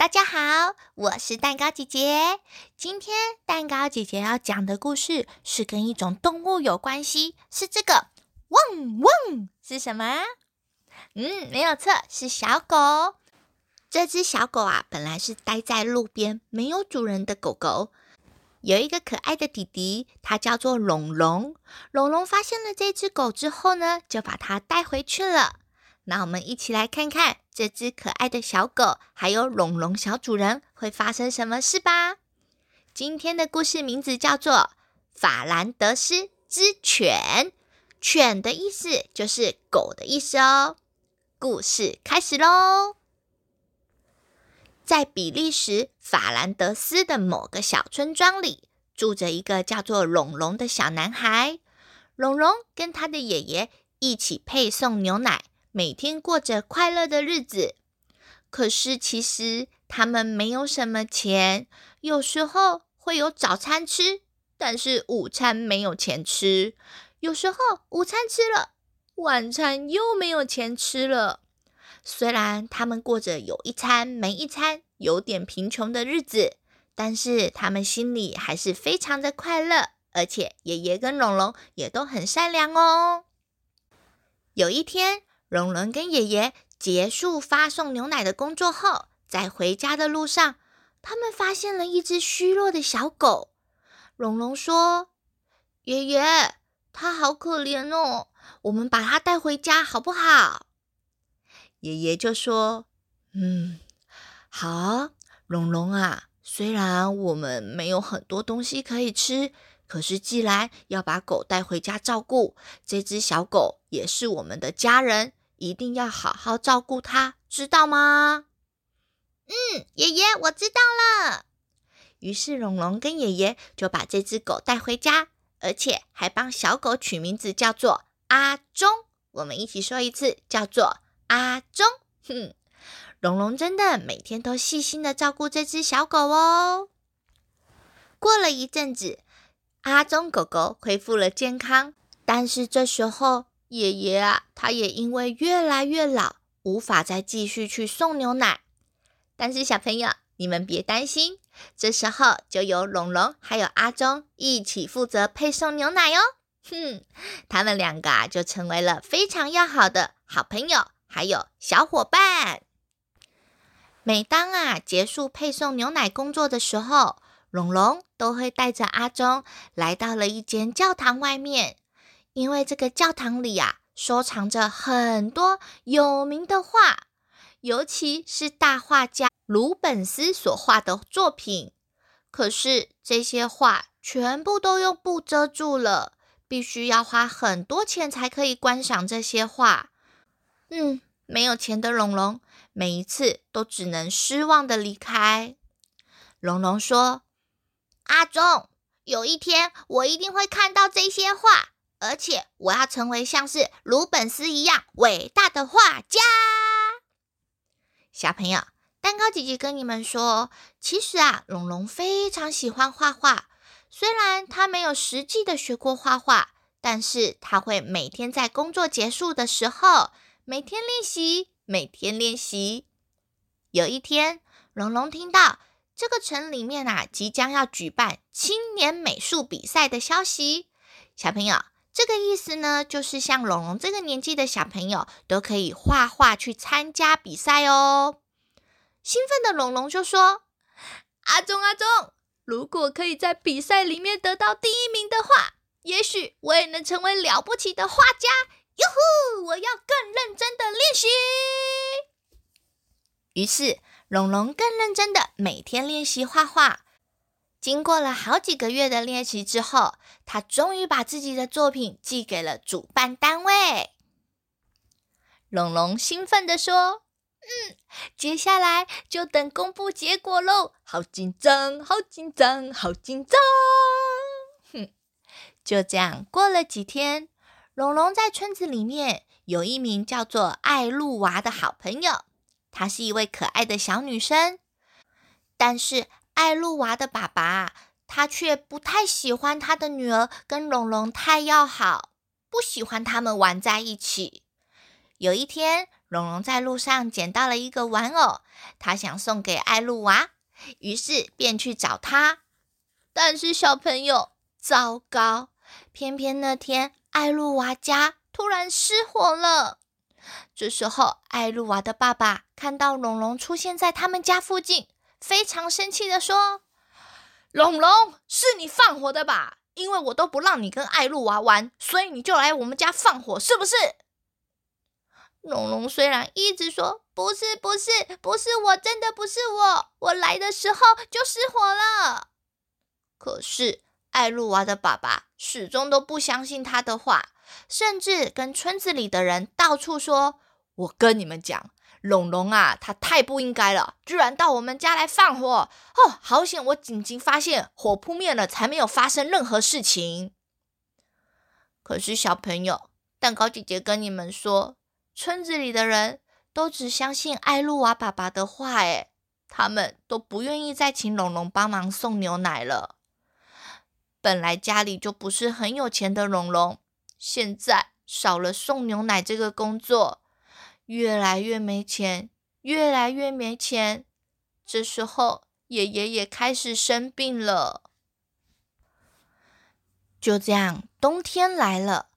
大家好，我是蛋糕姐姐。今天蛋糕姐姐要講的故事是跟一種動物有關係，是這個汪汪，是什麼？嗯，沒有錯，是小狗。這隻小狗啊，本來是待在路邊，沒有主人的狗狗，有一個可愛的弟弟，它叫做龍龍。龍龍發現了這隻狗之後呢，就把它帶回去了。那我們一起來看看這隻可愛的小狗，還有龍龍小主人會發生什麼事吧？今天的故事名字叫做《法蘭德斯之犬》，“犬”的意思就是狗的意思哦。故事開始嘍！在比利時法蘭德斯的某個小村莊裡，住着一個叫做龍龍的小男孩。龍龍跟他的爺爺一起配送牛奶。每天過着快樂的日子，可是其實他們沒有什麼錢。有時候會有早餐吃，但是午餐沒有錢吃。有時候午餐吃了，晚餐又沒有錢吃了。雖然他們過着有一餐沒一餐，有點貧窮的日子，但是他們心裡還是非常的快樂。而且爺爺跟龍龍也都很善良哦。有一天。龍龍跟爺爺結束發送牛奶的工作後，在回家的路上，他們發現了一隻虛弱的小狗。龍龍說：“爺爺，它好可憐哦，我們把它帶回家好不好？”爺爺就說：“嗯，好，龍龍啊，雖然我們沒有很多東西可以吃，可是既然要把狗帶回家照顧，這隻小狗也是我們的家人。”一定要好好照顧它，知道嗎？嗯，爺爺，我知道了。於是龍龍跟爺爺就把這隻狗帶回家，而且還幫小狗取名字叫做阿忠。我們一起說一次，叫做阿忠。哼，龍龍真的每天都細心的照顧這隻小狗哦。過了一陣子，阿忠狗狗恢復了健康，但是這時候。爺爺啊，他也因為越來越老，無法再繼續去送牛奶。但是小朋友，你們別擔心，這時候就由龍龍還有阿忠一起負責配送牛奶哦。哼，他們兩個啊，就成為了非常要好的好朋友，還有小夥伴。每當啊結束配送牛奶工作的時候，龍龍都會帶着阿忠來到了一間教堂外面。因為這個教堂裡呀、啊，收藏着很多有名的畫，尤其是大畫家魯本斯所畫的作品。可是這些畫全部都用布遮住了，必須要花很多錢才可以觀賞這些畫。嗯，沒有錢的龍龍，每一次都只能失望的離開。龍龍說：“阿忠，有一天我一定會看到這些畫。”而且我要成為像是魯本斯一樣偉大的畫家。小朋友，蛋糕姐姐跟你們說，其實啊，龍龍非常喜歡畫畫。雖然他沒有實際的學過畫畫，但是他會每天在工作結束的時候，每天練習，每天練習。有一天，龍龍聽到這個城裡面啊，即將要舉辦青年美術比賽的消息，小朋友。這個意思呢，就是像龍龍這個年紀的小朋友，都可以畫畫去參加比賽哦。興奮的龍龍就說：“阿忠，阿忠，如果可以在比賽裡面得到第一名的話，也許我也能成為了不起的畫家。”喲呼！我要更認真的練習。於是，龍龍更認真的每天練習畫畫。經過了好幾個月的練習之後，他終於把自己的作品寄給了主辦單位。龍龍興奮地說：“嗯，接下來就等公布結果嘍！好緊張，好緊張，好緊張！”哼， 就這樣過了幾天，龍龍在村子裡面有一名叫做艾露娃的好朋友，她是一位可愛的小女生，但是。艾露娃的爸爸，他卻不太喜歡他的女兒跟龍龍太要好，不喜歡他們玩在一起。有一天，龍龍在路上撿到了一個玩偶，他想送給艾露娃，於是便去找她。但是小朋友，糟糕！偏偏那天艾露娃家突然失火了。這時候，艾露娃的爸爸看到龍龍出現在他們家附近。非常生氣地說：“龍龍，是你放火的吧？因為我都不讓你跟艾露娃玩，所以你就來我們家放火，是不是？”龍龍雖然一直說“不是，不是，不是我，我真的不是我，我來的時候就失火了”，可是艾露娃的爸爸始終都不相信他的話，甚至跟村子裡的人到處說：“我跟你們講。”龍龍啊，他太不應該了，居然到我們家來放火！哦，好險，我緊急發現火撲滅了，才沒有發生任何事情。可是小朋友，蛋糕姐姐跟你們說，村子裡的人都只相信愛露娃爸爸的話，哎，他們都不願意再請龍龍幫忙送牛奶了。本來家裡就不是很有錢的龍龍，現在少了送牛奶這個工作。越來越沒錢，越來越沒錢。這時候，爺爺也開始生病了。就這樣，冬天來了，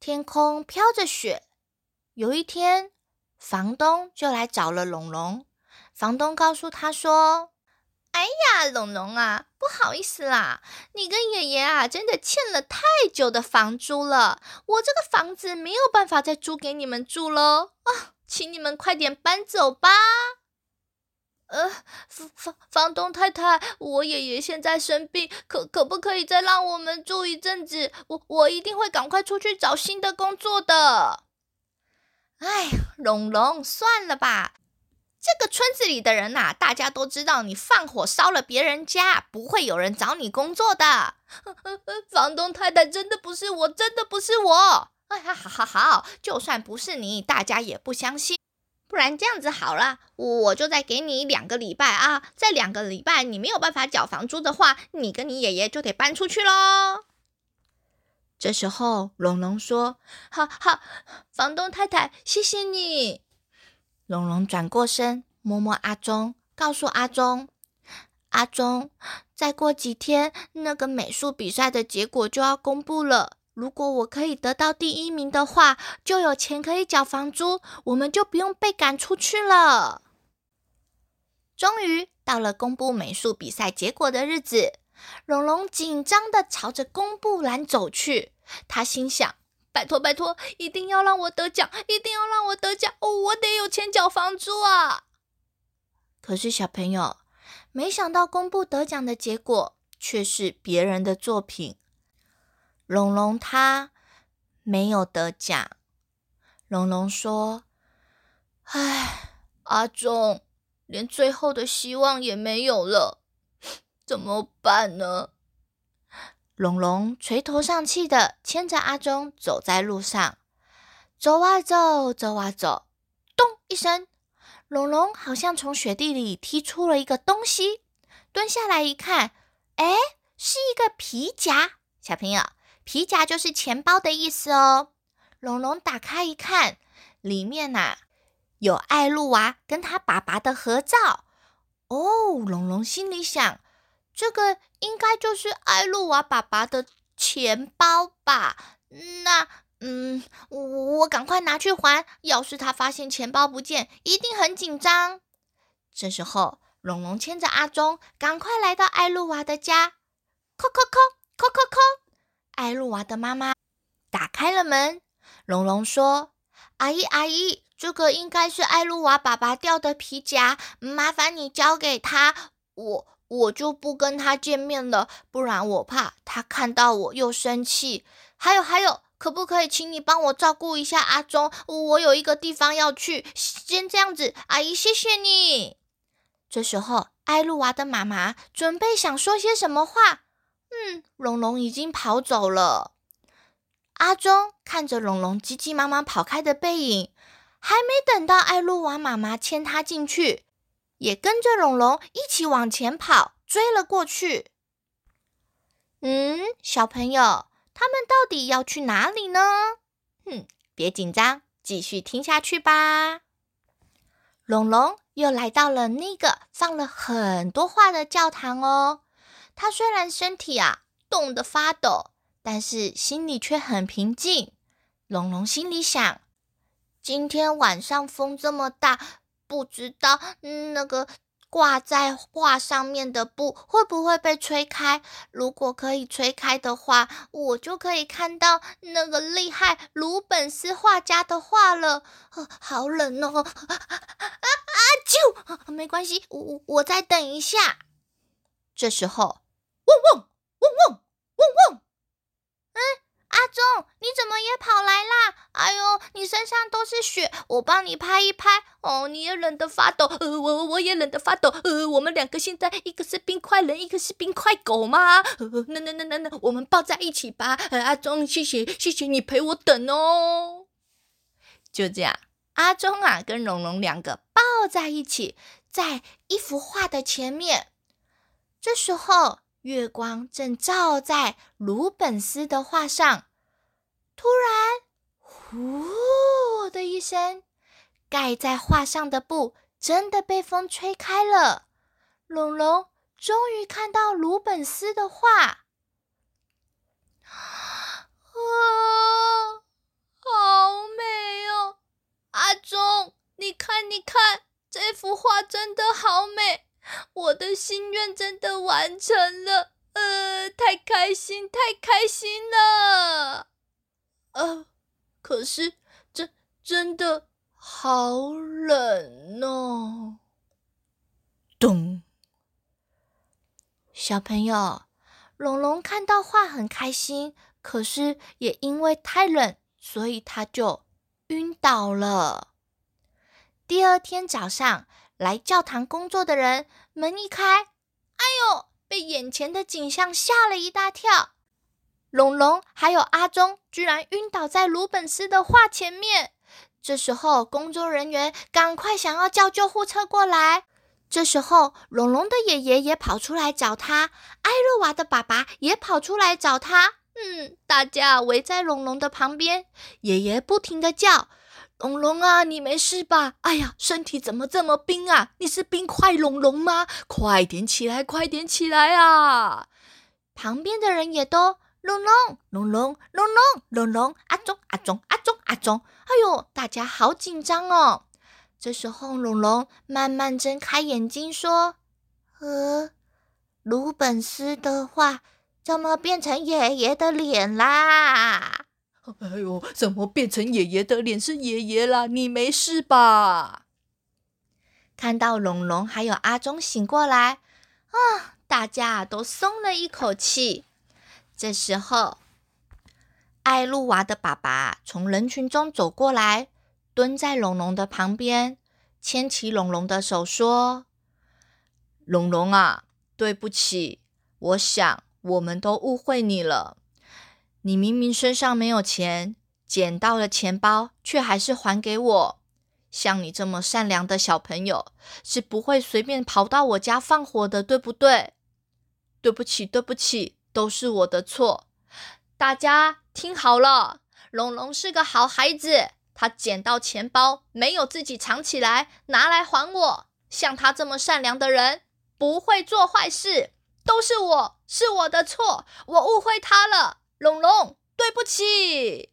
天空飄着雪。有一天，房東就來找了龍龍。房東告訴他說。哎呀，龍龍啊，不好意思啦，你跟爺爺啊，真的欠了太久的房租了，我這個房子沒有辦法再租給你們住嘍啊，哦，請你們快點搬走吧。呃，房房房東太太，我爺爺現在生病，可可不可以再讓我們住一陣子？我我一定會趕快出去找新的工作的。哎，龍龍，算了吧。這個村子裡的人吶、啊，大家都知道你放火燒了別人家，不會有人找你工作的。 房東太太，真的不是我，真的不是我。哎呀，好好好，就算不是你，大家也不相信。不然這樣子好了，我就再給你兩個禮拜啊。再兩個禮拜你沒有辦法繳房租的話，你跟你爺爺就得搬出去嘍。這時候，龍龍說：“好好，房東太太，謝謝你。”蓉蓉轉過身，摸摸阿忠，告訴阿忠：“阿忠，再過幾天，那個美術比賽的結果就要公布了。如果我可以得到第一名的話，就有錢可以繳房租，我們就不用被趕出去了。”終於到了公布美術比賽結果的日子，龍龍緊張的朝着公布欄走去，他心想。拜託，拜託，一定要讓我得獎！一定要讓我得獎！哦，我得有錢繳房租啊！可是小朋友，沒想到公布得獎的結果卻是別人的作品。龍龍他沒有得獎。龍龍說：“唉，阿忠，連最後的希望也沒有了，怎麼辦呢？”龍龍垂頭喪氣地牽着阿忠走在路上，走啊走，走啊走，咚一聲，龍龍好像從雪地裡踢出了一個東西，蹲下來一看，哎，是一個皮夾。小朋友，皮夾就是錢包的意思哦。龍龍打開一看，裡面吶、啊、有艾露娃跟她爸爸的合照。哦，龍龍心裡想。這個應該就是艾露娃爸爸的錢包吧？那嗯，我我趕快拿去還。要是他發現錢包不見，一定很緊張。這時候，龍龍牽着阿忠，趕快來到艾露娃的家。叩叩叩叩叩叩！艾露娃的媽媽打開了門。龍龍說：“阿姨阿姨，這個應該是艾露娃爸爸掉的皮夾，麻煩你交給他。我。”我就不跟他見面了，不然我怕他看到我又生氣。還有還有，可不可以請你幫我照顧一下阿忠？我有一個地方要去，先這樣子，阿姨謝謝你。這時候，艾露娃的媽媽準備想說些什麼話，嗯，龍龍已經跑走了。阿忠看着龍龍急急忙忙跑開的背影，還沒等到艾露娃媽媽牽他進去，也跟着龍龍一起往前跑，追了過去。嗯，小朋友，他們到底要去哪裡呢？哼、嗯，別緊張，繼續聽下去吧。龍龍又來到了那個放了很多畫的教堂哦。他雖然身體啊凍得發抖，但是心裡卻很平靜。龍龍心裡想：今天晚上風這麼大。不知道那個掛在畫上面的布會不會被吹開？如果可以吹開的話，我就可以看到那個厲害魯本斯畫家的畫了。好冷哦！啊啊！就沒關係，我我我再等一下。這時候，嗡嗡嗡嗡嗡嗡……嗯。阿忠，你怎麼也跑來啦？哎呦，你身上都是雪，我幫你拍一拍。哦，你也冷得發抖，呃，我我也冷得發抖，呃，我們兩個現在一個是冰塊人，一個是冰塊狗嗎？呃，那那那那那，我們抱在一起吧。呃、阿忠，謝謝謝謝你陪我等哦。就這樣，阿忠啊，跟龍龍兩個抱在一起，在一幅畫的前面。這時候，月光正照在魯本斯的畫上。突然，呼的一聲，蓋在畫上的布真的被風吹開了。龍龍終於看到魯本斯的畫，啊、哦，好美哦！阿忠，你看，你看，這幅畫真的好美！我的心願真的完成了，呃，太開心，太開心了！啊！可是這真的好冷哦。咚！小朋友，龍龍看到畫很開心，可是也因為太冷，所以他就暈倒了。第二天早上，來教堂工作的人，門一開，哎呦，被眼前的景象嚇了一大跳。龍龍還有阿忠居然暈倒在魯本斯的畫前面。這時候工作人員趕快想要叫救護車過來。這時候龍龍的爺爺也跑出來找他，艾瑞娃的爸爸也跑出來找他。嗯，大家圍在龍龍的旁邊，爺爺不停的叫：“龍龍啊，你沒事吧？哎呀，身體怎麼這麼冰啊？你是冰塊龍龍嗎？快點起來，快點起來啊！”旁邊的人也都。龍龍龍龍龍龍龍龍阿忠阿忠阿忠阿忠，哎呦，大家好緊張哦！這時候，龍龍慢慢睜開眼睛，說：“呃，魯本斯的畫，怎麼變成爺爺的臉啦？”哎呦，怎麼變成爺爺的臉？是爺爺啦，你沒事吧？看到龍龍還有阿忠醒過來，啊，大家都鬆了一口氣。這時候，愛露娃的爸爸從人群中走過來，蹲在龍龍的旁邊，牽起龍龍的手，說：“龍龍啊，對不起，我想我們都誤會你了。你明明身上沒有錢，撿到了錢包卻還是還給我。像你這麼善良的小朋友，是不會隨便跑到我家放火的，對不對？對不起，對不起。”都是我的錯，大家聽好了。龍龍是個好孩子，他撿到錢包沒有自己藏起來，拿來還我。像他這麼善良的人，不會做壞事。都是我，是我的錯，我誤會他了。龍龍，對不起。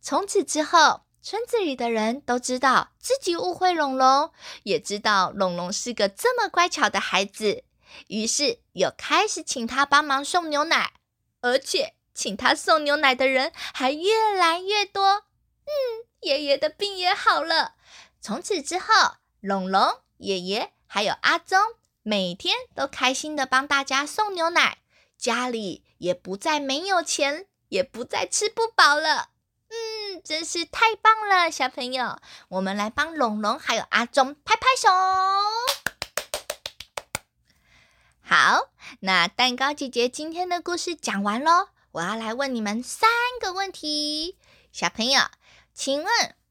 從此之後，村子裡的人都知道自己誤會龍龍，也知道龍龍是個這麼乖巧的孩子。於是又開始請他幫忙送牛奶，而且請他送牛奶的人還越來越多。嗯，爺爺的病也好了。從此之後，龍龍、爺爺還有阿忠每天都開心地幫大家送牛奶，家裡也不再沒有錢，也不再吃不飽了。嗯，真是太棒了，小朋友，我們來幫龍龍還有阿忠拍拍手。好，那蛋糕姐姐今天的故事講完嘍，我要來問你們三個問題。小朋友，請問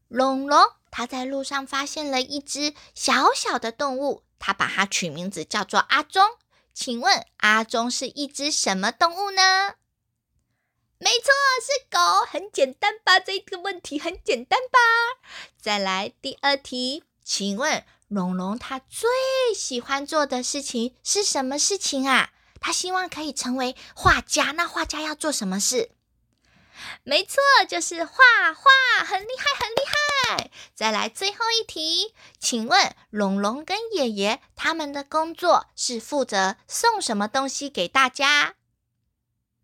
龍龍他在路上發現了一隻小小的動物，他把它取名字叫做阿忠，請問阿忠是一隻什麼動物呢？沒錯，是狗，很簡單吧？這個問題很簡單吧？再來第二題，請問。龍龍他最喜歡做的事情是什麼事情啊？他希望可以成為畫家。那畫家要做什麼事？沒錯，就是畫畫，很厲害，很厲害。再來最後一題，請問龍龍跟爺爺他們的工作是負責送什麼東西給大家？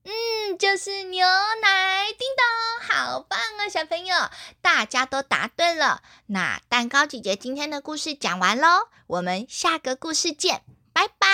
嗯，就是牛奶，叮咚，好棒啊，小朋友，大家都答對了。那蛋糕姐姐今天的故事講完嘍，我們下個故事見，拜拜。